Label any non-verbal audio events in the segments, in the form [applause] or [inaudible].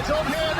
is on here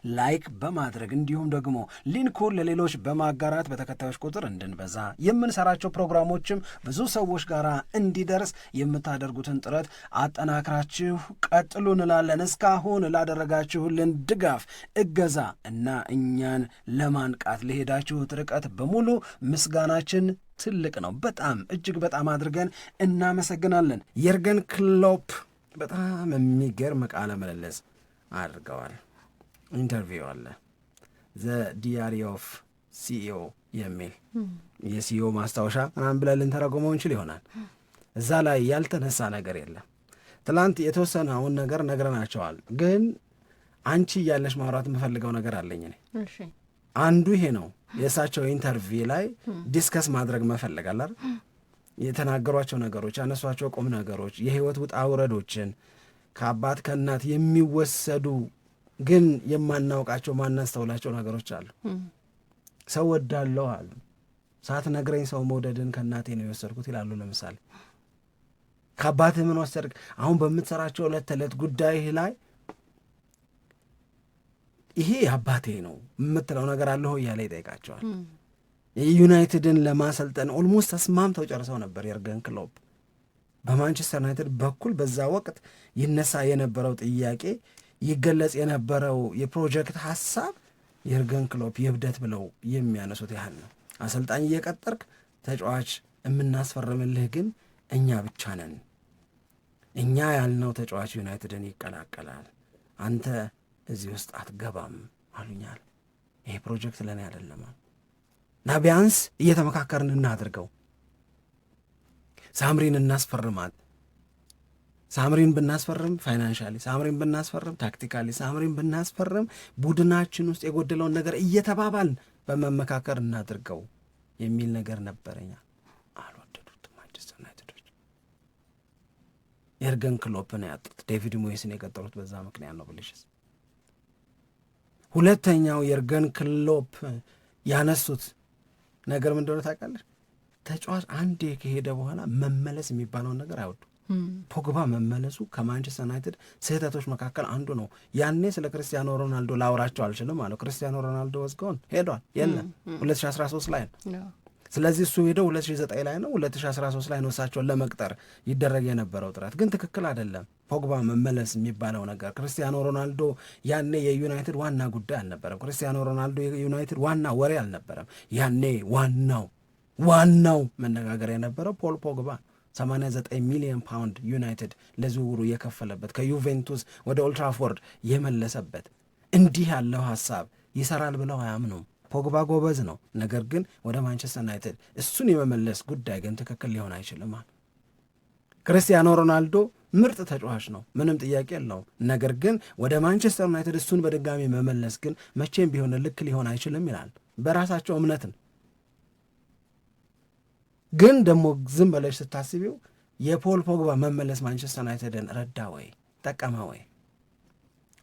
ላይክ በማድረግ እንዲሁም ደግሞ ሊንኩን ለሌሎች በማጋራት በተከታዮች ቁጥር እንድንበዛ የምንሰራቸው ፕሮግራሞችም ብዙ ሰዎች ጋር እንዲደርስ የምታደርጉትን ጥረት አጠናክራችሁ ቀጥሉ እንላለን። እስካሁን ላደረጋችሁልን ድጋፍ፣ እገዛ እና እኛን ለማንቃት ለሄዳችሁት ርቀት በሙሉ ምስጋናችን ትልቅ ነው። በጣም እጅግ በጣም አድርገን እናመሰግናለን። የርገን ክሎፕ በጣም የሚገርም ቃለ ምልልስ አድርገዋል። ኢንተርቪው አለ ዘ ዲያሪ ኦፍ ሲኢኦ የሚል የሲኢኦ ማስታወሻ ምናምን ብለን ልንተረጎመው እንችል ይሆናል። እዛ ላይ ያልተነሳ ነገር የለም። ትላንት የተወሰነውን ነገር ነግረናቸዋል። ግን አንቺ እያለሽ ማውራት የምፈልገው ነገር አለኝ እኔ አንዱ ይሄ ነው። የእሳቸው ኢንተርቪው ላይ ዲስከስ ማድረግ መፈለጋላል የተናገሯቸው ነገሮች ያነሷቸው ቁም ነገሮች የህይወት ውጣ ውረዶችን ከአባት ከእናት የሚወሰዱ ግን የማናውቃቸው ማናስተውላቸው ነገሮች አሉ። ሰው ወዳለው አሉ ነግረኝ ሰው መውደድን ከእናቴ ነው የወሰድኩት ይላሉ። ለምሳሌ ከአባትህ ምን ወሰድክ? አሁን በምትሰራቸው ዕለት ተዕለት ጉዳይህ ላይ ይሄ አባቴ ነው የምትለው ነገር አለሁ እያለ ይጠይቃቸዋል። የዩናይትድን ለማሰልጠን ኦልሞስት ተስማምተው ጨርሰው ነበር። የርገን ክሎፕ በማንቸስተር ዩናይትድ በኩል በዛ ወቅት ይነሳ የነበረው ጥያቄ ይገለጽ የነበረው የፕሮጀክት ሀሳብ የርገን ክሎፕ የብደት ብለው የሚያነሱት ያህል ነው። አሰልጣኝ እየቀጠርክ ተጫዋች የምናስፈርምልህ ግን እኛ ብቻ ነን። እኛ ያልነው ተጫዋች ዩናይትድን ይቀላቀላል፣ አንተ እዚህ ውስጥ አትገባም አሉኛል። ይሄ ፕሮጀክት ለእኔ አይደለም እና ቢያንስ እየተመካከርን እናድርገው፣ ሳምሪን እናስፈርማት ሳምሪን ብናስፈርም ፋይናንሻሊ፣ ሳምሪን ብናስፈርም ታክቲካሊ፣ ሳምሪን ብናስፈርም ቡድናችን ውስጥ የጎደለውን ነገር እየተባባል በመመካከር እናድርገው የሚል ነገር ነበረኛ። አልወደዱትም ማንቸስተር ዩናይትዶች። የርገን ክሎፕን ያጡት ዴቪድ ሞየስን የቀጠሉት በዛ ምክንያት ነው ብልሽስ። ሁለተኛው የርገን ክሎፕ ያነሱት ነገር ምን እንደሆነ ታውቃለች? ተጫዋች አንዴ ከሄደ በኋላ መመለስ የሚባለውን ነገር አይወዱም። ፖግባ መመለሱ ከማንቸስተር ዩናይትድ ስህተቶች መካከል አንዱ ነው። ያኔ ስለ ክርስቲያኖ ሮናልዶ ላውራቸው አልችልም አለው። ክርስቲያኖ ሮናልዶ ወዝገውን ሄዷል የለም 2013 ላይ ነው። ስለዚህ እሱ ሄደው 2009 ላይ ነው 2013 ላይ ነው እሳቸውን ለመቅጠር ይደረግ የነበረው ጥረት ግን ትክክል አይደለም። ፖግባ መመለስ የሚባለው ነገር ክርስቲያኖ ሮናልዶ ያኔ የዩናይትድ ዋና ጉዳይ አልነበረም። ክርስቲያኖ ሮናልዶ የዩናይትድ ዋና ወሬ አልነበረም። ያኔ ዋናው ዋናው መነጋገር የነበረው ፖል ፖግባ 89 ሚሊዮን ፓውንድ ዩናይትድ ለዝውውሩ የከፈለበት ከዩቬንቱስ ወደ ኦልትራፎርድ የመለሰበት እንዲህ ያለው ሀሳብ ይሰራል ብለው አያምኑም። ፖግባ ጎበዝ ነው፣ ነገር ግን ወደ ማንቸስተር ዩናይትድ እሱን የመመለስ ጉዳይ ግን ትክክል ሊሆን አይችልም። ክርስቲያኖ ሮናልዶ ምርጥ ተጫዋች ነው፣ ምንም ጥያቄ የለውም። ነገር ግን ወደ ማንቸስተር ዩናይትድ እሱን በድጋሚ መመለስ ግን መቼም ቢሆን ልክ ሊሆን አይችልም ይላል። በራሳቸው እምነትን ግን ደግሞ ዝም ብለሽ ስታስቢው የፖል ፖግባ መመለስ ማንቸስተር ዩናይትድን ረዳ ወይ ጠቀመ ወይ?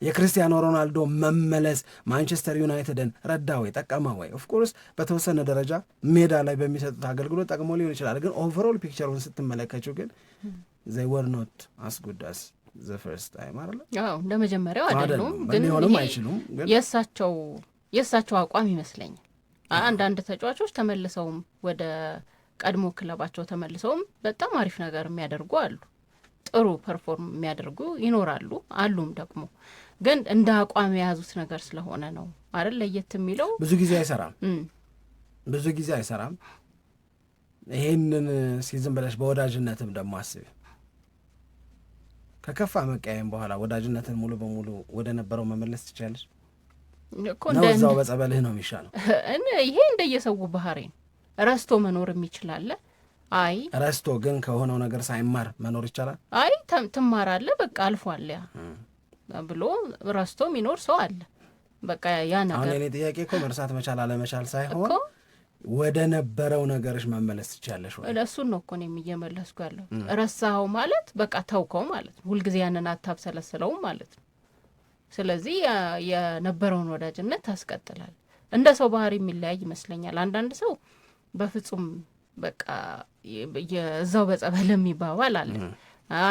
የክርስቲያኖ ሮናልዶ መመለስ ማንቸስተር ዩናይትድን ረዳ ወይ ጠቀመ ወይ? ኦፍኮርስ በተወሰነ ደረጃ ሜዳ ላይ በሚሰጡት አገልግሎት ጠቅሞ ሊሆን ይችላል። ግን ኦቨሮል ፒክቸሩን ስትመለከችው ግን ዘይ ወር ኖት አስጉዳስ ዘ ፈርስት ታይም አለ እንደ መጀመሪያው አይደሉም። ግን አይችሉም። የእሳቸው የእሳቸው አቋም ይመስለኛል አንዳንድ ተጫዋቾች ተመልሰውም ወደ ቀድሞ ክለባቸው ተመልሰውም በጣም አሪፍ ነገር የሚያደርጉ አሉ። ጥሩ ፐርፎርም የሚያደርጉ ይኖራሉ አሉም ደግሞ ግን እንደ አቋም የያዙት ነገር ስለሆነ ነው አይደል ለየት የሚለው። ብዙ ጊዜ አይሰራም፣ ብዙ ጊዜ አይሰራም። ይህንን እስኪ ብለሽ በወዳጅነትም ደግሞ አስቢ። ከከፋ መቀያየም በኋላ ወዳጅነትን ሙሉ በሙሉ ወደ ነበረው መመለስ ትችላለች ነው። እዛው በጸበልህ ነው የሚሻለው። ይሄ እንደየሰው ባህሪ ነው። ረስቶ መኖር የሚችላለ አይ ረስቶ ግን ከሆነው ነገር ሳይማር መኖር ይቻላል። አይ ትማራለ፣ በቃ አልፏል ያ ብሎ ረስቶ የሚኖር ሰው አለ። በቃ ያ ነገር አሁን የኔ ጥያቄ እኮ መርሳት መቻል አለመቻል ሳይሆን ወደ ነበረው ነገርሽ መመለስ ትችያለሽ ወይ? እሱን ነው እኮ እኔም እየመለስኩ ያለው። ረሳኸው ማለት በቃ ተውከው ማለት ነው። ሁልጊዜ ያንን አታብሰለስለውም ማለት ነው። ስለዚህ የነበረውን ወዳጅነት ታስቀጥላል። እንደ ሰው ባህሪ የሚለያይ ይመስለኛል። አንዳንድ ሰው በፍጹም በቃ የዛው በጸበል የሚባባል አለ።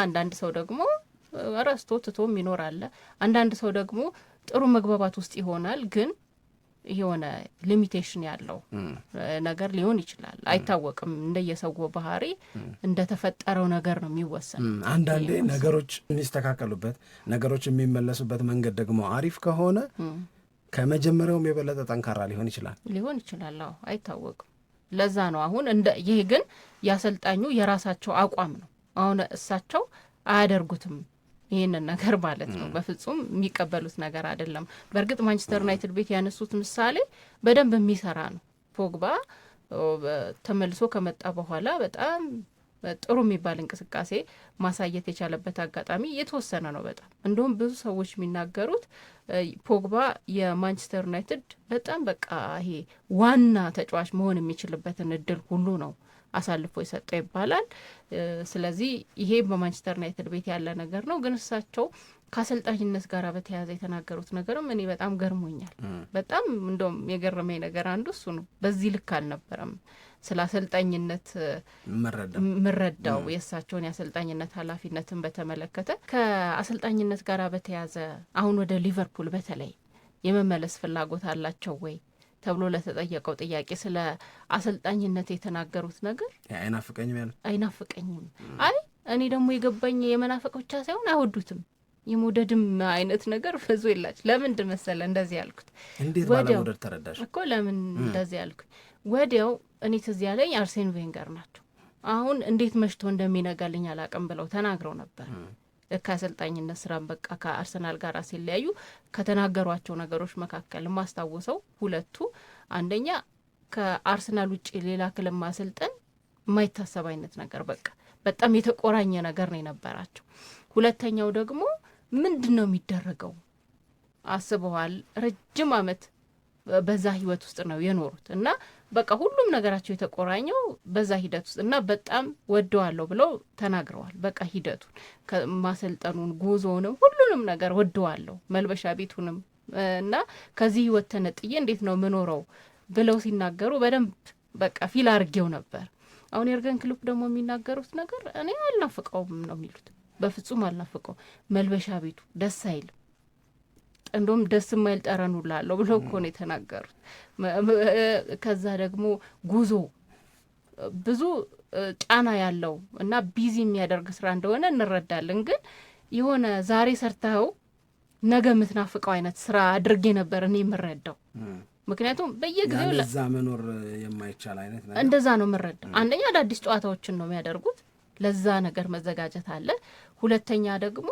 አንዳንድ ሰው ደግሞ ረስቶ ትቶም ይኖራለ አንዳንድ ሰው ደግሞ ጥሩ መግባባት ውስጥ ይሆናል ግን የሆነ ሊሚቴሽን ያለው ነገር ሊሆን ይችላል። አይታወቅም። እንደየሰው ባህሪ እንደተፈጠረው ነገር ነው የሚወሰን። አንዳንዴ ነገሮች የሚስተካከሉበት ነገሮች የሚመለሱበት መንገድ ደግሞ አሪፍ ከሆነ ከመጀመሪያውም የበለጠ ጠንካራ ሊሆን ይችላል ሊሆን ይችላል። አዎ አይታወቅም። ለዛ ነው አሁን እንደ ይሄ ግን ያሰልጣኙ የራሳቸው አቋም ነው። አሁን እሳቸው አያደርጉትም ይህንን ነገር ማለት ነው። በፍጹም የሚቀበሉት ነገር አይደለም። በእርግጥ ማንቸስተር ዩናይትድ ቤት ያነሱት ምሳሌ በደንብ የሚሰራ ነው። ፖግባ ተመልሶ ከመጣ በኋላ በጣም ጥሩ የሚባል እንቅስቃሴ ማሳየት የቻለበት አጋጣሚ የተወሰነ ነው። በጣም እንደውም ብዙ ሰዎች የሚናገሩት ፖግባ የማንቸስተር ዩናይትድ በጣም በቃ ይሄ ዋና ተጫዋች መሆን የሚችልበትን እድል ሁሉ ነው አሳልፎ የሰጠው ይባላል። ስለዚህ ይሄ በማንቸስተር ዩናይትድ ቤት ያለ ነገር ነው። ግን እሳቸው ከአሰልጣኝነት ጋር በተያያዘ የተናገሩት ነገርም እኔ በጣም ገርሞኛል። በጣም እንደውም የገረመኝ ነገር አንዱ እሱ ነው። በዚህ ልክ አልነበረም ስለ አሰልጣኝነት ምረዳው የእሳቸውን የአሰልጣኝነት ኃላፊነትን በተመለከተ ከአሰልጣኝነት ጋር በተያዘ አሁን ወደ ሊቨርፑል በተለይ የመመለስ ፍላጎት አላቸው ወይ ተብሎ ለተጠየቀው ጥያቄ ስለ አሰልጣኝነት የተናገሩት ነገር አይናፍቀኝም ያሉት አይናፍቀኝም። አይ እኔ ደግሞ የገባኝ የመናፈቅ ብቻ ሳይሆን አይወዱትም የመውደድም አይነት ነገር ብዙ የላቸው። ለምንድን መሰለ እንደዚህ ያልኩት? እንዴት ባለመውደድ ተረዳሽ እኮ ለምን እንደዚህ ያልኩኝ ወዲያው እኔ ትዝ ያለኝ አርሴን ቬንገር ናቸው። አሁን እንዴት መሽቶ እንደሚነጋልኝ አላቅም ብለው ተናግረው ነበር። ከአሰልጣኝነት ስራን በቃ ከአርሰናል ጋር ሲለያዩ ከተናገሯቸው ነገሮች መካከል ማስታወሰው ሁለቱ፣ አንደኛ ከአርሰናል ውጭ ሌላ ክለብ ማሰልጠን የማይታሰብ አይነት ነገር በቃ በጣም የተቆራኘ ነገር ነው የነበራቸው። ሁለተኛው ደግሞ ምንድን ነው የሚደረገው አስበዋል። ረጅም አመት በዛ ህይወት ውስጥ ነው የኖሩት እና በቃ ሁሉም ነገራቸው የተቆራኘው በዛ ሂደት ውስጥ እና በጣም ወደዋለሁ ብለው ተናግረዋል። በቃ ሂደቱን ማሰልጠኑን፣ ጉዞውንም ሁሉንም ነገር ወደዋለሁ መልበሻ ቤቱንም እና ከዚህ ህይወት ተነጥዬ እንዴት ነው ምኖረው ብለው ሲናገሩ በደንብ በቃ ፊል አርጌው ነበር። አሁን የርገን ክሎፕ ደግሞ የሚናገሩት ነገር እኔ አልናፍቀውም ነው የሚሉት። በፍጹም አልናፍቀው መልበሻ ቤቱ ደስ አይልም። እንደውም ደስ የማይል ጠረን ሁላ አለው ብለው እኮ ነው የተናገሩት። ከዛ ደግሞ ጉዞ ብዙ ጫና ያለው እና ቢዚ የሚያደርግ ስራ እንደሆነ እንረዳለን። ግን የሆነ ዛሬ ሰርተኸው ነገ የምትናፍቀው አይነት ስራ አድርጌ ነበር እኔ የምረዳው። ምክንያቱም በየጊዜው ለዛ መኖር የማይቻል አይነት ነገር እንደዛ ነው የምረዳው። አንደኛ አዳዲስ ጨዋታዎችን ነው የሚያደርጉት፣ ለዛ ነገር መዘጋጀት አለ። ሁለተኛ ደግሞ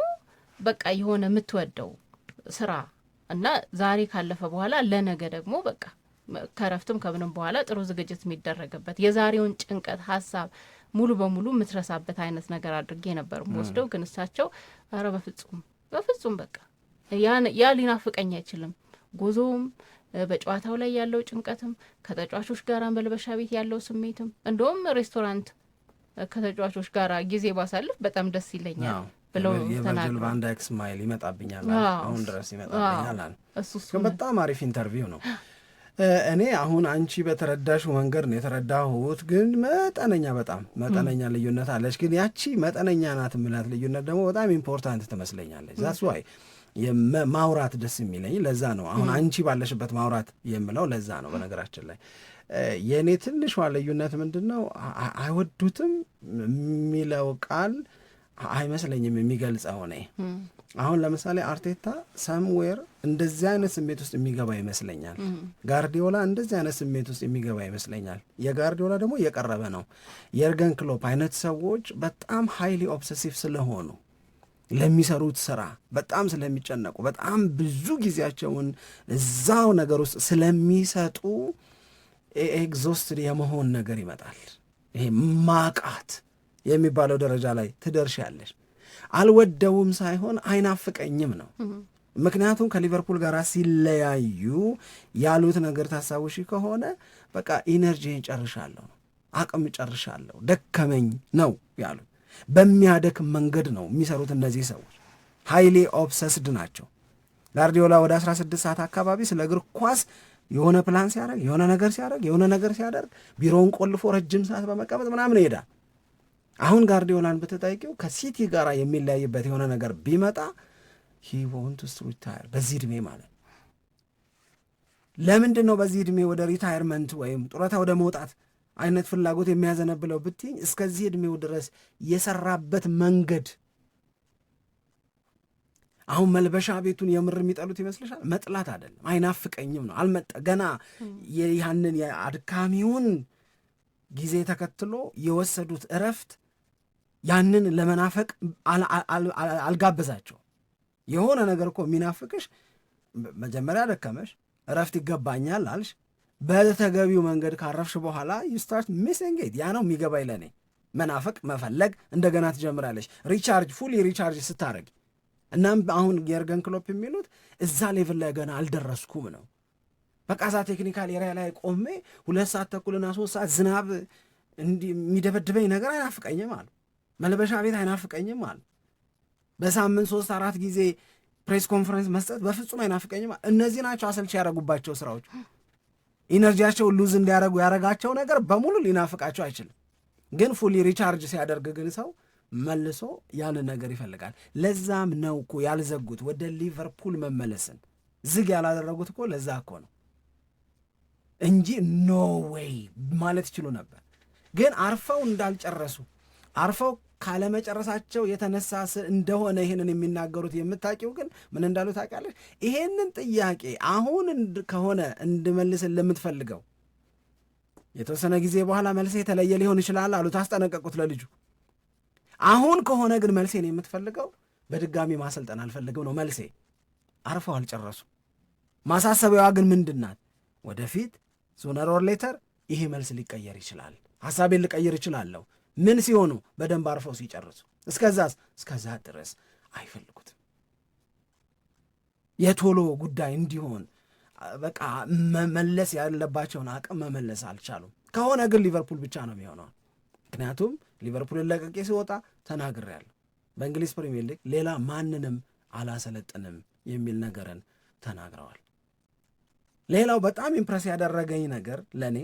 በቃ የሆነ የምትወደው ስራ እና ዛሬ ካለፈ በኋላ ለነገ ደግሞ በቃ ከረፍትም ከምንም በኋላ ጥሩ ዝግጅት የሚደረግበት የዛሬውን ጭንቀት ሀሳብ ሙሉ በሙሉ የምትረሳበት አይነት ነገር አድርጌ ነበር ወስደው። ግን እሳቸው ኧረ በፍጹም በፍጹም በቃ ያ ሊናፍቀኝ አይችልም። ጉዞውም በጨዋታው ላይ ያለው ጭንቀትም ከተጫዋቾች ጋር በልበሻ ቤት ያለው ስሜትም እንደውም ሬስቶራንት ከተጫዋቾች ጋር ጊዜ ባሳልፍ በጣም ደስ ይለኛል። ብለው የቨርጅል ቫንዳይክ ስማይል ይመጣብኛል፣ አሁን ድረስ ይመጣብኛል አለ። በጣም አሪፍ ኢንተርቪው ነው። እኔ አሁን አንቺ በተረዳሽ መንገድ ነው የተረዳሁት፣ ግን መጠነኛ በጣም መጠነኛ ልዩነት አለች። ግን ያቺ መጠነኛ ናት ምላት ልዩነት ደግሞ በጣም ኢምፖርታንት ትመስለኛለች። ዛስ ዋይ ማውራት ደስ የሚለኝ ለዛ ነው። አሁን አንቺ ባለሽበት ማውራት የምለው ለዛ ነው። በነገራችን ላይ የእኔ ትንሿ ልዩነት ምንድን ነው አይወዱትም የሚለው ቃል አይመስለኝም የሚገልጸው እኔ አሁን ለምሳሌ አርቴታ ሰምዌር እንደዚህ አይነት ስሜት ውስጥ የሚገባ ይመስለኛል። ጋርዲዮላ እንደዚህ አይነት ስሜት ውስጥ የሚገባ ይመስለኛል። የጋርዲዮላ ደግሞ እየቀረበ ነው። የርገን ክሎፕ አይነት ሰዎች በጣም ሃይሊ ኦብሰሲቭ ስለሆኑ ለሚሰሩት ስራ በጣም ስለሚጨነቁ በጣም ብዙ ጊዜያቸውን እዛው ነገር ውስጥ ስለሚሰጡ ኤግዞስትድ የመሆን ነገር ይመጣል። ይሄ ማቃት የሚባለው ደረጃ ላይ ትደርሻለሽ። አልወደውም ሳይሆን አይናፍቀኝም ነው። ምክንያቱም ከሊቨርፑል ጋር ሲለያዩ ያሉት ነገር ታሳውሺ ከሆነ በቃ ኢነርጂን ጨርሻለሁ አቅም ጨርሻለሁ፣ ደከመኝ ነው ያሉት። በሚያደክ መንገድ ነው የሚሰሩት እነዚህ ሰዎች። ሀይሌ ኦብሰስድ ናቸው። ጋርዲዮላ ወደ 16 ሰዓት አካባቢ ስለ እግር ኳስ የሆነ ፕላን ሲያደርግ የሆነ ነገር ሲያደርግ የሆነ ነገር ሲያደርግ ቢሮውን ቆልፎ ረጅም ሰዓት በመቀመጥ ምናምን ይሄዳል። አሁን ጋርዲዮላን በተጠይቂው ከሲቲ ጋር የሚለያይበት የሆነ ነገር ቢመጣ ሂ ወንትስ ሪታየር በዚህ እድሜ ማለት ለምንድን ነው በዚህ እድሜ ወደ ሪታየርመንት ወይም ጡረታ ወደ መውጣት አይነት ፍላጎት የሚያዘነብለው ብትኝ እስከዚህ እድሜው ድረስ የሰራበት መንገድ አሁን መልበሻ ቤቱን የምር የሚጠሉት ይመስልሻል? መጥላት አይደለም፣ አይናፍቀኝም ነው አልመጣ ገና ያንን አድካሚውን ጊዜ ተከትሎ የወሰዱት እረፍት ያንን ለመናፈቅ አልጋበዛቸው። የሆነ ነገር እኮ የሚናፍቅሽ መጀመሪያ ደከመሽ፣ እረፍት ይገባኛል አልሽ። በተገቢው መንገድ ካረፍሽ በኋላ ዩስታርት ሚሲንግ ኢት። ያ ነው የሚገባኝ ለኔ። መናፈቅ መፈለግ እንደገና ትጀምራለሽ፣ ሪቻርጅ ፉሊ ሪቻርጅ ስታረጊ። እናም አሁን የርገን ክሎፕ የሚሉት እዛ ሌቭል ላይ ገና አልደረስኩም ነው። በቃ እዛ ቴክኒካል ኤሪያ ላይ ቆሜ ሁለት ሰዓት ተኩልና ሶስት ሰዓት ዝናብ የሚደበድበኝ ነገር አይናፍቀኝም አሉ። መልበሻ ቤት አይናፍቀኝም አለ። በሳምንት ሶስት አራት ጊዜ ፕሬስ ኮንፈረንስ መስጠት በፍጹም አይናፍቀኝም አ እነዚህ ናቸው አሰልቺ ያደረጉባቸው ስራዎች። ኢነርጂያቸው ሉዝ እንዲያደረጉ ያደረጋቸው ነገር በሙሉ ሊናፍቃቸው አይችልም። ግን ፉሊ ሪቻርጅ ሲያደርግ ግን ሰው መልሶ ያንን ነገር ይፈልጋል። ለዛም ነው እኮ ያልዘጉት ወደ ሊቨርፑል መመለስን ዝግ ያላደረጉት እኮ ለዛ እኮ ነው እንጂ ኖ ዌይ ማለት ይችሉ ነበር። ግን አርፈው እንዳልጨረሱ አርፈው ካለመጨረሳቸው የተነሳ እንደሆነ ይህንን የሚናገሩት የምታውቂው ግን ምን እንዳሉ ታውቂያለሽ? ይሄንን ጥያቄ አሁን ከሆነ እንድመልስን ለምትፈልገው የተወሰነ ጊዜ በኋላ መልሴ የተለየ ሊሆን ይችላል አሉት፣ አስጠነቀቁት ለልጁ። አሁን ከሆነ ግን መልሴን የምትፈልገው በድጋሚ ማሰልጠን አልፈልግም ነው መልሴ። አርፈው አልጨረሱ። ማሳሰቢያዋ ግን ምንድን ናት? ወደፊት ሱነር ኦር ሌተር ይሄ መልስ ሊቀየር ይችላል፣ ሀሳቤን ልቀይር እችላለሁ ምን ሲሆኑ በደንብ አርፈው ሲጨርሱ፣ እስከዛስ እስከዛ ድረስ አይፈልጉትም። የቶሎ ጉዳይ እንዲሆን በቃ መመለስ ያለባቸውን አቅም መመለስ አልቻሉም። ከሆነ ግን ሊቨርፑል ብቻ ነው የሚሆነው። ምክንያቱም ሊቨርፑል ለቀቄ ሲወጣ ተናግሬያለሁ። በእንግሊዝ ፕሪሚየር ሊግ ሌላ ማንንም አላሰለጥንም የሚል ነገርን ተናግረዋል። ሌላው በጣም ኢምፕረስ ያደረገኝ ነገር ለእኔ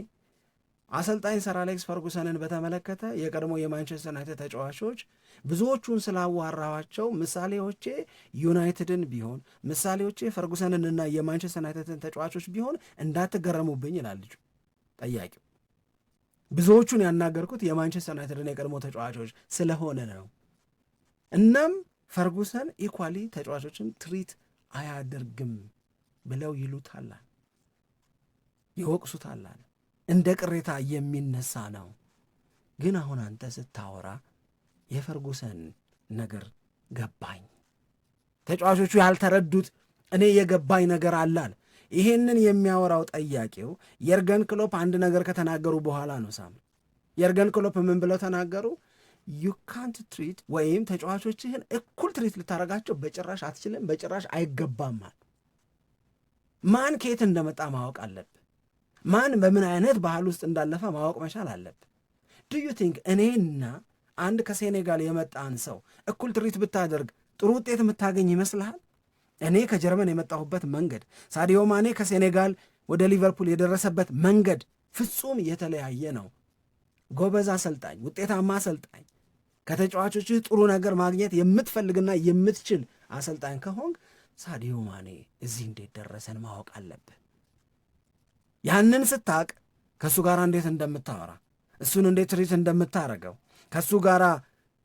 አሰልጣኝ ሰር አሌክስ ፈርጉሰንን በተመለከተ የቀድሞ የማንቸስተር ዩናይትድ ተጫዋቾች ብዙዎቹን ስላዋራኋቸው ምሳሌዎቼ ዩናይትድን ቢሆን ምሳሌዎቼ ፈርጉሰንን እና የማንቸስተር ዩናይትድን ተጫዋቾች ቢሆን እንዳትገረሙብኝ ይላል ልጁ ጠያቂው። ብዙዎቹን ያናገርኩት የማንቸስተር ዩናይትድን የቀድሞ ተጫዋቾች ስለሆነ ነው። እናም ፈርጉሰን ኢኳሊ ተጫዋቾችን ትሪት አያደርግም ብለው ይሉታላል፣ ይወቅሱታላል። እንደ ቅሬታ የሚነሳ ነው። ግን አሁን አንተ ስታወራ የፈርጉሰን ነገር ገባኝ። ተጫዋቾቹ ያልተረዱት እኔ የገባኝ ነገር አላል። ይሄንን የሚያወራው ጠያቂው የርገን ክሎፕ አንድ ነገር ከተናገሩ በኋላ ነው። ሳም የርገን ክሎፕ ምን ብለው ተናገሩ? ዩ ካንት ትሪት ወይም ተጫዋቾችህን እኩል ትሪት ልታረጋቸው በጭራሽ አትችልም፣ በጭራሽ አይገባም። ማን ከየት እንደመጣ ማወቅ አለብ ማን በምን አይነት ባህል ውስጥ እንዳለፈ ማወቅ መቻል አለብን። ዱዩ ቲንክ እኔና አንድ ከሴኔጋል የመጣን ሰው እኩል ትሪት ብታደርግ ጥሩ ውጤት የምታገኝ ይመስልሃል? እኔ ከጀርመን የመጣሁበት መንገድ፣ ሳዲዮ ማኔ ከሴኔጋል ወደ ሊቨርፑል የደረሰበት መንገድ ፍጹም የተለያየ ነው። ጎበዝ አሰልጣኝ፣ ውጤታማ አሰልጣኝ፣ ከተጫዋቾችህ ጥሩ ነገር ማግኘት የምትፈልግና የምትችል አሰልጣኝ ከሆንክ ሳዲዮ ማኔ እዚህ እንዴት ደረሰን ማወቅ አለብን። ያንን ስታቅ ከእሱ ጋር እንዴት እንደምታወራ እሱን እንዴት ትሪት እንደምታረገው ከእሱ ጋር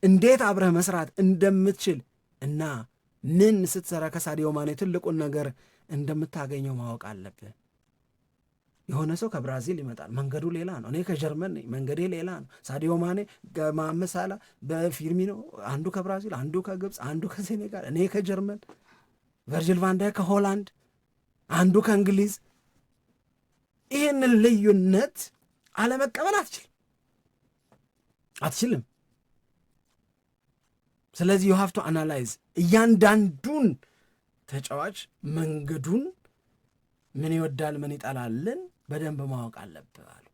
እንዴት አብረህ መስራት እንደምትችል እና ምን ስትሰራ ከሳዲዮ ማኔ ትልቁን ነገር እንደምታገኘው ማወቅ አለብህ። የሆነ ሰው ከብራዚል ይመጣል፣ መንገዱ ሌላ ነው። እኔ ከጀርመን ነኝ፣ መንገዴ ሌላ ነው። ሳዲዮ ማኔ ከመሐመድ ሳላህ በፊርሚኖ አንዱ ከብራዚል አንዱ ከግብፅ አንዱ ከሴኔጋል እኔ ከጀርመን ቨርጅል ቫንዳይ ከሆላንድ አንዱ ከእንግሊዝ ይህንን ልዩነት አለመቀበል አትችልም አትችልም። ስለዚህ ዩ ሃቭ ቱ አናላይዝ እያንዳንዱን ተጫዋች መንገዱን ምን ይወዳል ምን ይጠላልን በደንብ ማወቅ አለብህ አሉ።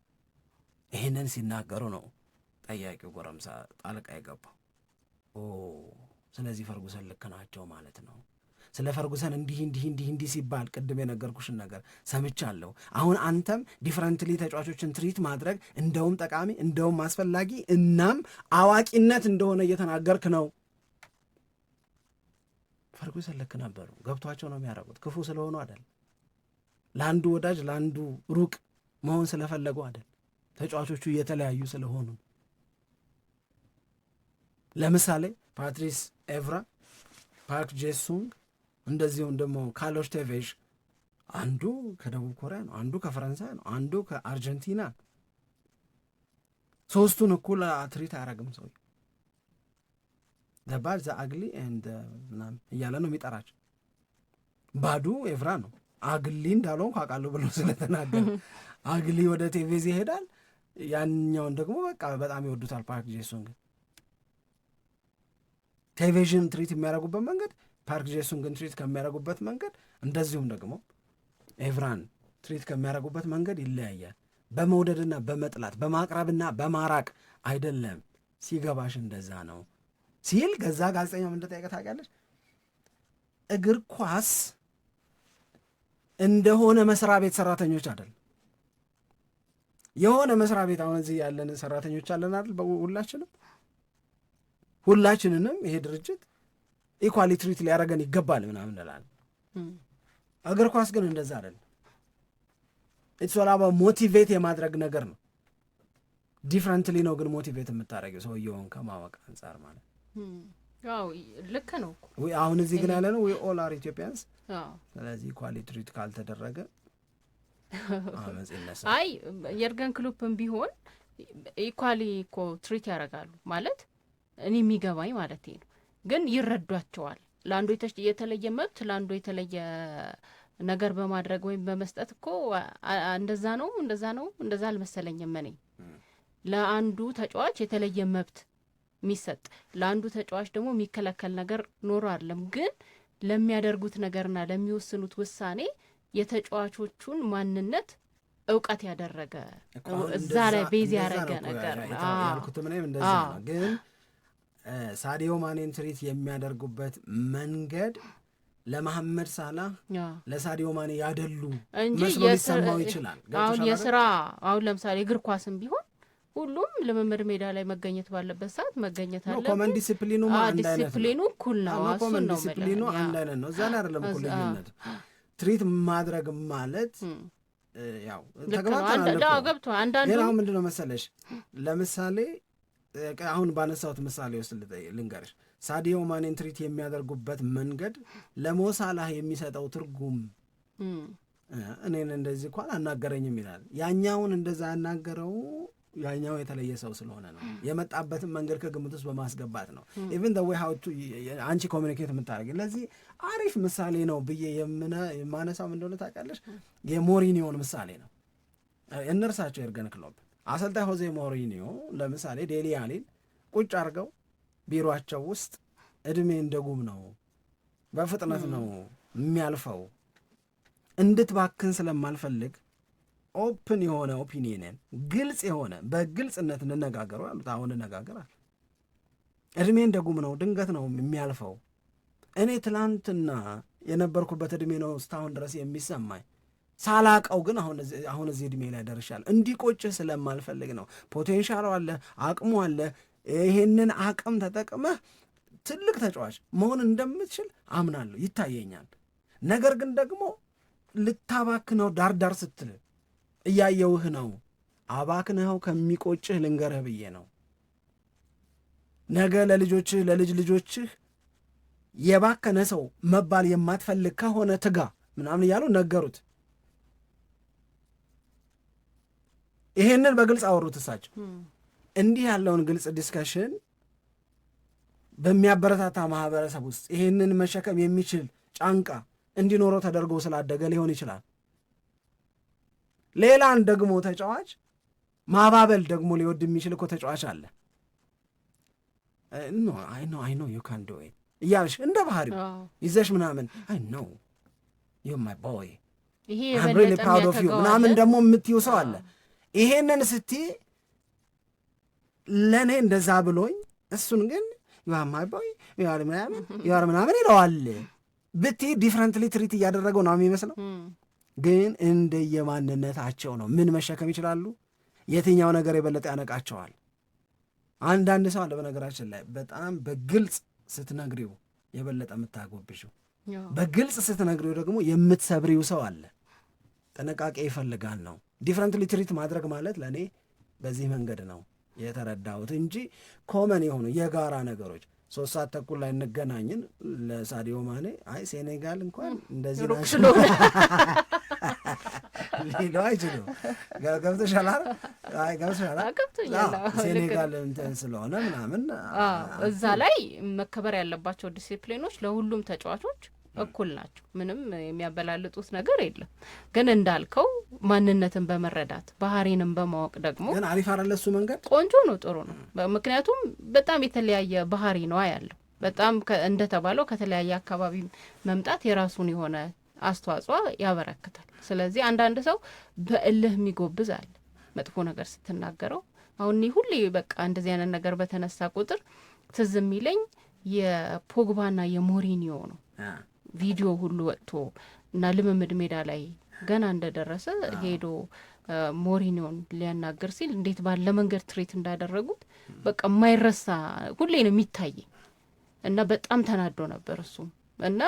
ይህንን ሲናገሩ ነው ጠያቂው ጎረምሳ ጣልቃ የገባው። ስለዚህ ፈርጉሰን ልክ ናቸው ማለት ነው። ስለ ፈርጉሰን እንዲህ እንዲህ እንዲህ እንዲህ ሲባል ቅድም የነገርኩሽን ነገር ሰምቻለሁ። አሁን አንተም ዲፍረንትሊ ተጫዋቾችን ትሪት ማድረግ እንደውም ጠቃሚ እንደውም አስፈላጊ እናም አዋቂነት እንደሆነ እየተናገርክ ነው። ፈርጉሰን ልክ ነበሩ። ገብቷቸው ነው የሚያደርጉት። ክፉ ስለሆኑ አደል፣ ለአንዱ ወዳጅ ለአንዱ ሩቅ መሆን ስለፈለጉ አደል፣ ተጫዋቾቹ የተለያዩ ስለሆኑ ለምሳሌ ፓትሪስ ኤቭራ ፓክ ጄሱንግ እንደዚሁም ደግሞ ካርሎስ ቴቬዥ አንዱ ከደቡብ ኮሪያ ነው፣ አንዱ ከፈረንሳይ ነው፣ አንዱ ከአርጀንቲና ሶስቱን እኩል አትሪት አያረግም ሰው ዘባድ ዘአግሊ ምናም እያለ ነው የሚጠራቸው። ባዱ ኤቭራ ነው አግሊ እንዳለው ካውቃለሁ ብሎ ስለተናገረ [laughs] አግሊ ወደ ቴቬዝ ይሄዳል። ያኛውን ደግሞ በቃ በጣም ይወዱታል ፓርክ ጄሱን ቴቬዥን ትሪት የሚያደርጉበት መንገድ ፓርክ ጄሱንግን ትሪት ከሚያደርጉበት መንገድ እንደዚሁም ደግሞ ኤቭራን ትሪት ከሚያደርጉበት መንገድ ይለያያል። በመውደድና በመጥላት በማቅረብና በማራቅ አይደለም። ሲገባሽ እንደዛ ነው ሲል ገዛ ጋዜጠኛ ምን እንደጠየቀ ታውቂያለሽ? እግር ኳስ እንደሆነ መስሪያ ቤት ሰራተኞች አይደለም። የሆነ መስሪያ ቤት አሁን እዚህ ያለን ሰራተኞች አለን አይደል? ሁላችንም ሁላችንንም ይሄ ድርጅት ኢኳሊ ትሪት ሊያደረገን ይገባል ምናምን እንላለን። እግር ኳስ ግን እንደዛ አይደለም። ኢትሶላባ ሞቲቬት የማድረግ ነገር ነው። ዲፍረንትሊ ነው ግን ሞቲቬት የምታደረገው ሰውየውን ከማወቅ አንጻር ማለት ልክ ነው። አሁን እዚህ ግን ያለ ነው ኦል አር ኢትዮጵያንስ። ስለዚህ ኢኳሊ ትሪት ካልተደረገ [laughs] አይ የእርገን ክሎፕም ቢሆን ኢኳሊ እኮ ትሪት ያደርጋሉ ማለት እኔ የሚገባኝ ማለት ነው ግን ይረዷቸዋል። ለአንዱ የተለየ መብት ለአንዱ የተለየ ነገር በማድረግ ወይም በመስጠት እኮ እንደዛ ነው እንደዛ ነው እንደዛ አልመሰለኝም እኔ ለአንዱ ተጫዋች የተለየ መብት የሚሰጥ ለአንዱ ተጫዋች ደግሞ የሚከለከል ነገር ኖሮ አይደለም ግን ለሚያደርጉት ነገርና ለሚወስኑት ውሳኔ የተጫዋቾቹን ማንነት እውቀት ያደረገ እዛ ላይ ቤዝ ያደረገ ነገር ግን ሳዲዮ ማኔን ትሪት የሚያደርጉበት መንገድ ለመሐመድ ሳላ ለሳዲዮ ማኔ ያደሉ መስሎ ሊሰማው ይችላል። አሁን የስራ አሁን ለምሳሌ እግር ኳስም ቢሆን ሁሉም ልምምድ ሜዳ ላይ መገኘት ባለበት ሰዓት መገኘት አለ። ኮመን ዲሲፕሊኑ ዲሲፕሊኑ እኩል ነው። ኮመን ዲሲፕሊኑ አንድ አይነት ነው። እዛ ላይ አይደለም እኮ ልዩነት። ትሪት ማድረግ ማለት ያው ተግባብተናል። ገብቶ አንዳንዱ ሌላው ምንድን ነው መሰለሽ ለምሳሌ አሁን ባነሳሁት ምሳሌ ውስጥ ልንገርሽ፣ ሳዲዮ ማኔን ትሪት የሚያደርጉበት መንገድ ለሞሳላህ የሚሰጠው ትርጉም እኔን እንደዚህ እንኳን አናገረኝም ይላል። ያኛውን እንደዛ ያናገረው ያኛው የተለየ ሰው ስለሆነ ነው። የመጣበትን መንገድ ከግምት ውስጥ በማስገባት ነው። ኢቨን ወይ ሀውቱ አንቺ ኮሚኒኬት የምታደርግ ለዚህ አሪፍ ምሳሌ ነው ብዬ የማነሳው እንደሆነ ታውቂያለሽ፣ የሞሪኒዮን ምሳሌ ነው። እነርሳቸው የርገን ክሎብ አሰልጣኝ ሆዜ ሞሪኒዮ ለምሳሌ ዴሊ አሊን ቁጭ አድርገው ቢሮቸው ውስጥ እድሜ እንደ ጉም ነው፣ በፍጥነት ነው የሚያልፈው፣ እንድትባክን ስለማልፈልግ ኦፕን የሆነ ኦፒኒየንን ግልጽ የሆነ በግልጽነት እንነጋገሩ አሉት። አሁን እነጋገራል። እድሜ እንደ ጉም ነው፣ ድንገት ነው የሚያልፈው። እኔ ትላንትና የነበርኩበት እድሜ ነው እስካሁን ድረስ የሚሰማኝ ሳላቀው ግን አሁን እዚህ እድሜ ላይ ደርሻል። እንዲቆጭህ ስለማልፈልግ ነው። ፖቴንሻሉ አለ፣ አቅሙ አለ። ይሄንን አቅም ተጠቅመህ ትልቅ ተጫዋች መሆን እንደምትችል አምናለሁ፣ ይታየኛል። ነገር ግን ደግሞ ልታባክነው ዳርዳር ስትል እያየውህ ነው። አባክነኸው ከሚቆጭህ ልንገርህ ብዬ ነው። ነገ ለልጆችህ ለልጅ ልጆችህ የባከነ ሰው መባል የማትፈልግ ከሆነ ትጋ ምናምን እያሉ ነገሩት። ይሄንን በግልጽ አወሩት። እሳቸው እንዲህ ያለውን ግልጽ ዲስከሽን በሚያበረታታ ማህበረሰብ ውስጥ ይሄንን መሸከም የሚችል ጫንቃ እንዲኖረው ተደርጎ ስላደገ ሊሆን ይችላል። ሌላን ደግሞ ተጫዋች ማባበል ደግሞ ሊወድ የሚችል እኮ ተጫዋች አለ። አይ ኖ አይ ኖ ዩ ካን ዱ ኢት እያልሽ እንደ ባህሪው ይዘሽ ምናምን አይ ኖ ዩ ማይ ቦይ ምናምን ደግሞ የምትይው ሰው አለ። ይሄንን ስቲ ለእኔ እንደዛ ብሎኝ እሱን ግን ዩአርማይ ቦይ ዩአር ምናምን ዩአር ምናምን ይለዋል ብቲ ዲፍረንትሊ ትሪት እያደረገው ነው የሚመስለው። ግን እንደየማንነታቸው ነው። ምን መሸከም ይችላሉ? የትኛው ነገር የበለጠ ያነቃቸዋል? አንዳንድ ሰው አለ በነገራችን ላይ በጣም በግልጽ ስትነግሪው የበለጠ የምታጎብዥው፣ በግልጽ ስትነግሪው ደግሞ የምትሰብሪው ሰው አለ። ጥንቃቄ ይፈልጋል ነው። ዲፍረንትሊ ትሪት ማድረግ ማለት ለእኔ በዚህ መንገድ ነው የተረዳሁት እንጂ ኮመን የሆኑ የጋራ ነገሮች ሶስት ሰዓት ተኩል ላይ እንገናኝን ለሳዲዮ ማኔ አይ ሴኔጋል እንኳን እንደዚህ ናሽሎ ሌሎ [laughs] አይችሉም። ገብቶሻል አይ ገብቶሻል ሴኔጋል እንትን ስለሆነ ምናምን እዛ ላይ መከበር ያለባቸው ዲሲፕሊኖች ለሁሉም ተጫዋቾች እኩል ናቸው። ምንም የሚያበላልጡት ነገር የለም። ግን እንዳልከው ማንነትን በመረዳት ባህሪንም በማወቅ ደግሞ ግን አሪፍ አረለሱ መንገድ ቆንጆ ነው፣ ጥሩ ነው። ምክንያቱም በጣም የተለያየ ባህሪ ነዋ ያለው። በጣም እንደተባለው ከተለያየ አካባቢ መምጣት የራሱን የሆነ አስተዋጽኦ ያበረክታል። ስለዚህ አንዳንድ ሰው በእልህ የሚጎብዝ አለ፣ መጥፎ ነገር ስትናገረው። አሁን ሁሌ በቃ እንደዚህ አይነት ነገር በተነሳ ቁጥር ትዝ የሚለኝ የፖግባና የሞሪኒዮ ነው። ቪዲዮ ሁሉ ወጥቶ እና ልምምድ ሜዳ ላይ ገና እንደደረሰ ሄዶ ሞሪኒዮን ሊያናገር ሲል እንዴት ባለ መንገድ ትሬት እንዳደረጉት በቃ የማይረሳ ሁሌ ነው የሚታይ እና በጣም ተናዶ ነበር እሱም እና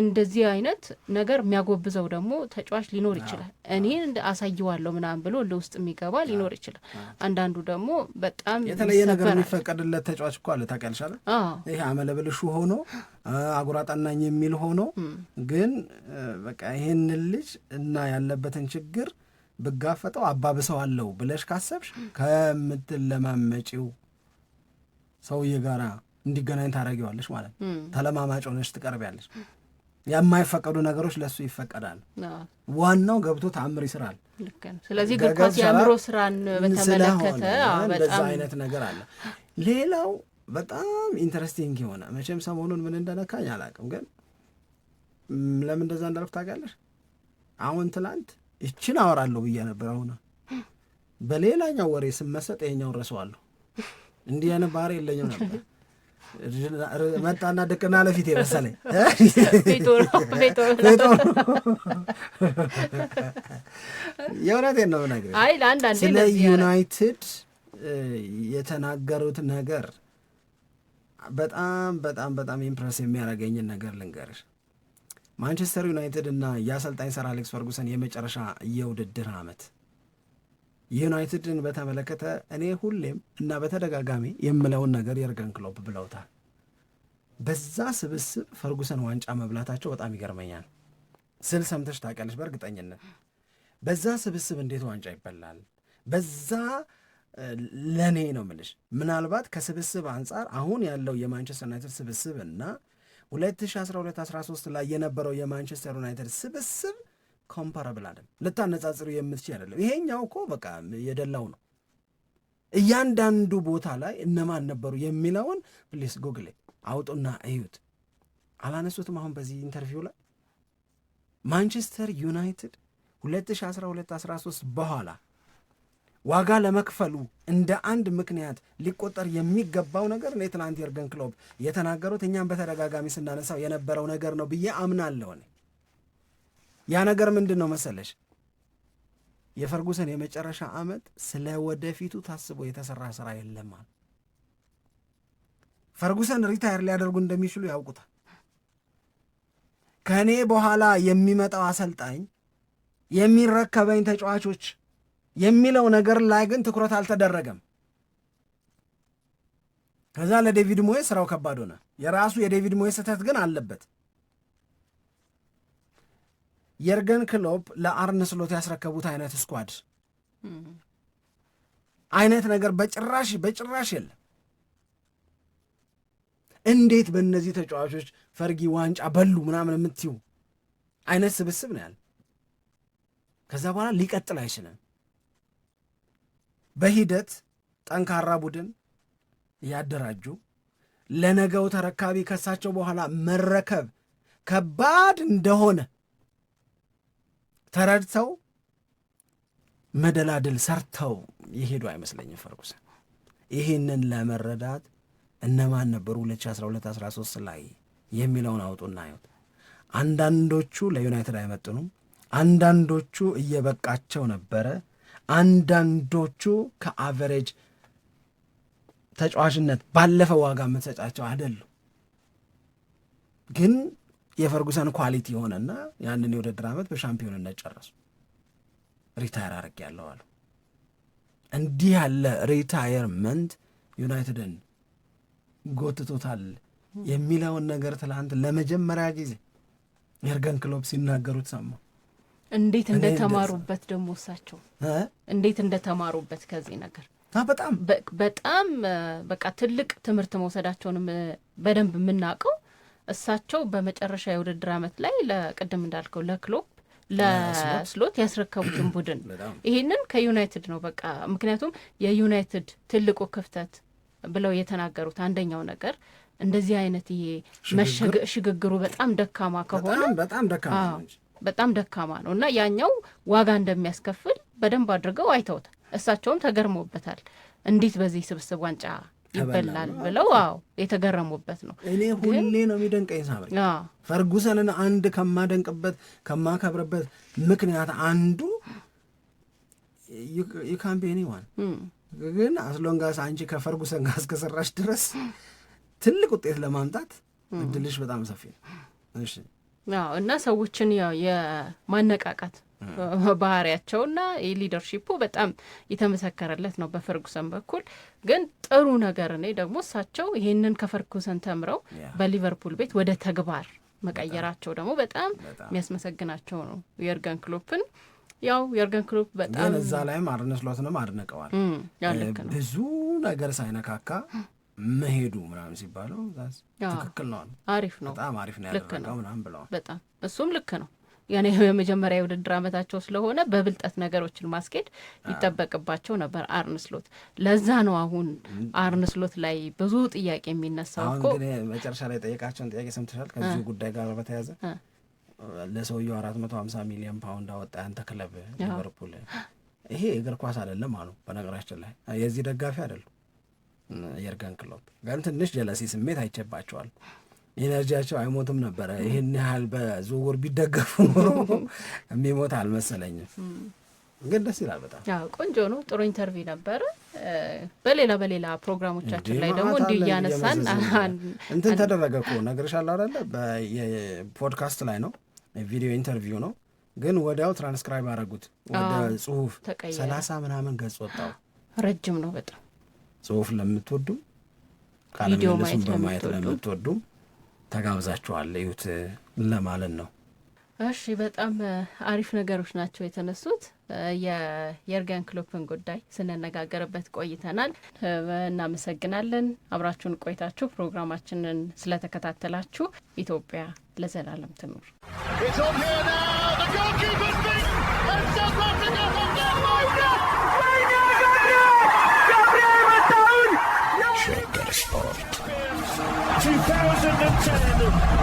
እንደዚህ አይነት ነገር የሚያጎብዘው ደግሞ ተጫዋች ሊኖር ይችላል። እኔን እንደ አሳየዋለሁ ምናምን ብሎ ለውስጥ የሚገባ ሊኖር ይችላል። አንዳንዱ ደግሞ በጣም የተለየ ነገር የሚፈቀድለት ተጫዋች እኮ አለ ታውቂያለሽ። ይሄ አመለብልሹ ሆኖ አጉራጣናኝ የሚል ሆኖ ግን በቃ ይህን ልጅ እና ያለበትን ችግር ብጋፈጠው አባብሰዋለሁ ብለሽ ካሰብሽ ከምትለማመጪው ሰውዬ ጋራ እንዲገናኝ ታደረጊዋለሽ ማለት ነው። ተለማማጭ ሆነሽ ትቀርቢያለሽ። የማይፈቀዱ ነገሮች ለእሱ ይፈቀዳል። ዋናው ገብቶ ተአምር ይስራል። ስለዚህ እግር ኳስ የአእምሮ ስራን በተመለከተ አይነት ነገር አለ። ሌላው በጣም ኢንትረስቲንግ የሆነ መቼም ሰሞኑን ምን እንደነካኝ አላውቅም፣ ግን ለምን እንደዛ እንዳረፍ ታውቂያለሽ? አሁን ትላንት ይችን አወራለሁ ብዬ ነበር። አሁን በሌላኛው ወሬ ስመሰጥ ይሄኛውን ረሳዋለሁ። እንዲህ አይነት ባህሪ የለኝም ነበር መጣና ደቅና ለፊት መሰለኝ የእውነቴን ነው ነገር ስለ ዩናይትድ የተናገሩት ነገር በጣም በጣም በጣም ኢምፕረስ የሚያደርገኝን ነገር ልንገርሽ። ማንቸስተር ዩናይትድ እና የአሰልጣኝ ሰር አሌክስ ፈርጉሰን የመጨረሻ የውድድር አመት። ዩናይትድን በተመለከተ እኔ ሁሌም እና በተደጋጋሚ የምለውን ነገር የርገን ክሎፕ ብለውታል። በዛ ስብስብ ፈርጉሰን ዋንጫ መብላታቸው በጣም ይገርመኛል ስል ሰምተሽ ታውቂያለሽ? በእርግጠኝነት በዛ ስብስብ እንዴት ዋንጫ ይበላል? በዛ ለእኔ ነው ምልሽ። ምናልባት ከስብስብ አንጻር አሁን ያለው የማንቸስተር ዩናይትድ ስብስብ እና 2012/13 ላይ የነበረው የማንቸስተር ዩናይትድ ስብስብ ኮምፓራብል አይደለም፣ ልታነጻጽሩ የምትችል አይደለም። ይሄኛው እኮ በቃ የደላው ነው። እያንዳንዱ ቦታ ላይ እነማን ነበሩ የሚለውን ፕሊስ ጉግል አውጡና እዩት። አላነሱትም። አሁን በዚህ ኢንተርቪው ላይ ማንቸስተር ዩናይትድ 2012/13 በኋላ ዋጋ ለመክፈሉ እንደ አንድ ምክንያት ሊቆጠር የሚገባው ነገር እኔ ትናንት የርገን ክሎብ የተናገሩት እኛም በተደጋጋሚ ስናነሳው የነበረው ነገር ነው ብዬ አምናለሁ። ያ ነገር ምንድን ነው መሰለሽ የፈርጉሰን የመጨረሻ ዓመት ስለ ወደፊቱ ታስቦ የተሰራ ስራ የለም። ፈርጉሰን ሪታየር ሊያደርጉ እንደሚችሉ ያውቁታል። ከእኔ በኋላ የሚመጣው አሰልጣኝ የሚረከበኝ ተጫዋቾች የሚለው ነገር ላይ ግን ትኩረት አልተደረገም። ከዛ ለዴቪድ ሞዬ ስራው ከባድ ሆነ። የራሱ የዴቪድ ሞዬ ስህተት ግን አለበት። የርገን ክሎፕ ለአርነ ስሎት ያስረከቡት አይነት ስኳድ አይነት ነገር በጭራሽ በጭራሽ የለም። እንዴት በእነዚህ ተጫዋቾች ፈርጊ ዋንጫ በሉ ምናምን የምትዩ አይነት ስብስብ ነው ያለ። ከዛ በኋላ ሊቀጥል አይችልም። በሂደት ጠንካራ ቡድን እያደራጁ ለነገው ተረካቢ ከሳቸው በኋላ መረከብ ከባድ እንደሆነ ተረድተው መደላድል ሰርተው የሄዱ አይመስለኝም ፈርጉሰን። ይህንን ለመረዳት እነማን ነበሩ 2012/13 ላይ የሚለውን አውጡና አዩት። አንዳንዶቹ ለዩናይትድ አይመጥኑም፣ አንዳንዶቹ እየበቃቸው ነበረ፣ አንዳንዶቹ ከአቨሬጅ ተጫዋችነት ባለፈ ዋጋ የምትሰጫቸው አይደሉ ግን የፈርጉሰን ኳሊቲ የሆነና ያንን የውድድር ዓመት በሻምፒዮንነት ጨረሱ። ሪታየር ያለው አሉ። እንዲህ ያለ ሪታየርመንት ዩናይትድን ጎትቶታል የሚለውን ነገር ትላንት ለመጀመሪያ ጊዜ የርገን ክሎፕ ሲናገሩት ሰማ። እንዴት እንደተማሩበት ደግሞ እሳቸው እንዴት እንደተማሩበት ከዚህ ነገር በጣም በጣም በቃ ትልቅ ትምህርት መውሰዳቸውንም በደንብ የምናውቀው እሳቸው በመጨረሻ የውድድር ዓመት ላይ ለቅድም እንዳልከው ለክሎፕ ለስሎት ያስረከቡትን ቡድን [clears throat] ይህንን ከዩናይትድ ነው በቃ ምክንያቱም የዩናይትድ ትልቁ ክፍተት ብለው የተናገሩት አንደኛው ነገር እንደዚህ አይነት ይሄ ሽግግሩ በጣም ደካማ ከሆነ በጣም ደካማ ነው እና ያኛው ዋጋ እንደሚያስከፍል በደንብ አድርገው አይተውታል። እሳቸውም ተገርሞበታል። እንዴት በዚህ ስብስብ ዋንጫ ይበላል ብለው አዎ የተገረሙበት ነው። እኔ ሁሌ ነው የሚደንቀኝ ሳምሪ ፈርጉሰንን አንድ ከማደንቅበት ከማከብርበት ምክንያት አንዱ ዩካምፔኒ ዋን ግን አስሎንጋስ አንቺ ከፈርጉሰን ጋር እስከሰራሽ ድረስ ትልቅ ውጤት ለማምጣት እድልሽ በጣም ሰፊ ነው እና ሰዎችን የማነቃቃት ባህሪያቸውና የሊደርሺፑ በጣም የተመሰከረለት ነው በፈርጉሰን በኩል ግን ጥሩ ነገር እኔ ደግሞ እሳቸው ይህንን ከፈርጉሰን ተምረው በሊቨርፑል ቤት ወደ ተግባር መቀየራቸው ደግሞ በጣም የሚያስመሰግናቸው ነው የርገን ክሎፕን ያው የርገን ክሎፕ በጣም እዛ ላይም አርነ ስሎትንም አድንቀዋል ብዙ ነገር ሳይነካካ መሄዱ ምናምን ሲባለው ትክክል ነው አሪፍ ነው በጣም አሪፍ ነው ያደረገው ምናምን ብለዋል በጣም እሱም ልክ ነው የኔ የመጀመሪያ የውድድር ዓመታቸው ስለሆነ በብልጠት ነገሮችን ማስኬድ ይጠበቅባቸው ነበር አርንስሎት። ለዛ ነው አሁን አርንስሎት ላይ ብዙ ጥያቄ የሚነሳው እኮ። መጨረሻ ላይ ጠየቃቸውን ጥያቄ ሰምተሻል። ከዚሁ ጉዳይ ጋር በተያያዘ ለሰውየው አራት መቶ ሀምሳ ሚሊዮን ፓውንድ አወጣ ያንተ ክለብ ሊቨርፑል። ይሄ እግር ኳስ አይደለም አሉ። በነገራችን ላይ የዚህ ደጋፊ አይደሉም የርገን ክሎፕ ግን ትንሽ ጀለሲ ስሜት አይቼባቸዋል። ኤነርጂያቸው አይሞትም ነበረ። ይህን ያህል በዝውውር ቢደገፉ ኖሮ የሚሞት አልመሰለኝም። ግን ደስ ይላል። በጣም ቆንጆ ነው። ጥሩ ኢንተርቪው ነበረ። በሌላ በሌላ ፕሮግራሞቻችን ላይ ደግሞ እንዲህ እያነሳን እንትን ተደረገ እኮ ነግሬሻለሁ አይደለ? በፖድካስት ላይ ነው ቪዲዮ ኢንተርቪው ነው። ግን ወዲያው ትራንስክራይብ አደረጉት ወደ ጽሁፍ ሰላሳ ምናምን ገጽ ወጣው። ረጅም ነው በጣም ጽሁፍ ለምትወዱም ቃለ ምልልሱን በማየት ለምትወዱም ተጋብዛችኋል፣ እዩት ለማለት ነው። እሺ፣ በጣም አሪፍ ነገሮች ናቸው የተነሱት። የየርገን ክሎፕን ጉዳይ ስንነጋገርበት ቆይተናል። እናመሰግናለን አብራችሁን ቆይታችሁ ፕሮግራማችንን ስለተከታተላችሁ። ኢትዮጵያ ለዘላለም ትኑር። 2010